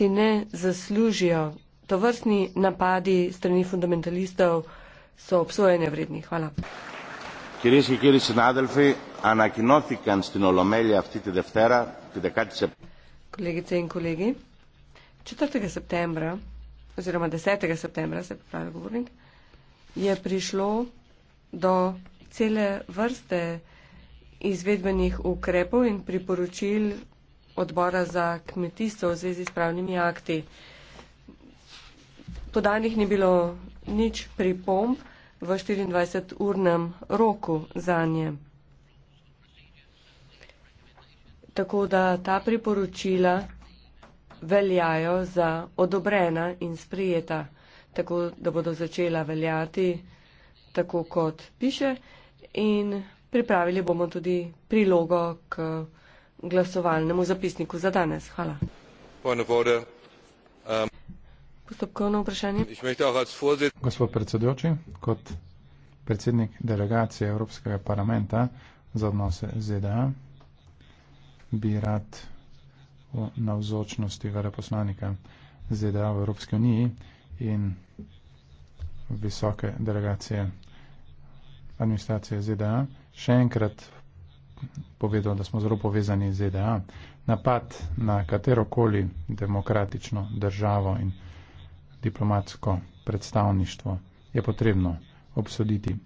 si ne zaslužijo. To vrstni napadi strani fundamentalistov so obsojene vredni. Hvala. Kolegice in kolegi, 4. septembra oziroma 10. septembra se pravi govornik, je prišlo do cele vrste izvedbenih ukrepov in priporočil odbora za kmetijstvo v zvezi s pravnimi akti. Podanih ni bilo nič pripomb v 24-urnem roku za nje. Tako da ta priporočila veljajo za odobrena in sprijeta, tako da bodo začela veljati tako, kot piše. In pripravili bomo tudi prilogo k glasovalnemu zapisniku za danes. Hvala. Um, Postopkovno vprašanje. Gospod predsedujoči, kot predsednik delegacije Evropskega parlamenta za odnose ZDA bi rad v navzočnosti veleposlanika ZDA v Evropski uniji in visoke delegacije administracije ZDA še enkrat povedal, da smo zelo povezani z ZDA. Napad na katerokoli demokratično državo in diplomatsko predstavništvo je potrebno obsoditi,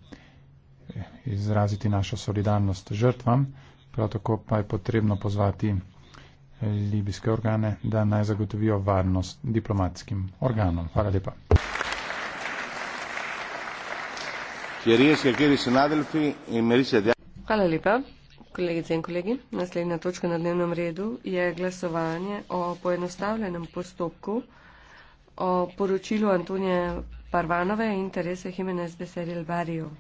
izraziti našo solidarnost žrtvam, prav tako pa je potrebno pozvati eh, libijske organe, da naj zagotovijo varnost diplomatskim organom. Hvala lepa. Hvala lepa. Kolegice in kolegi, naslednja točka na dnevnem redu je glasovanje o poenostavljenem postopku o poročilu Antonije Parvanove in Terese Jimenez de Serilvario.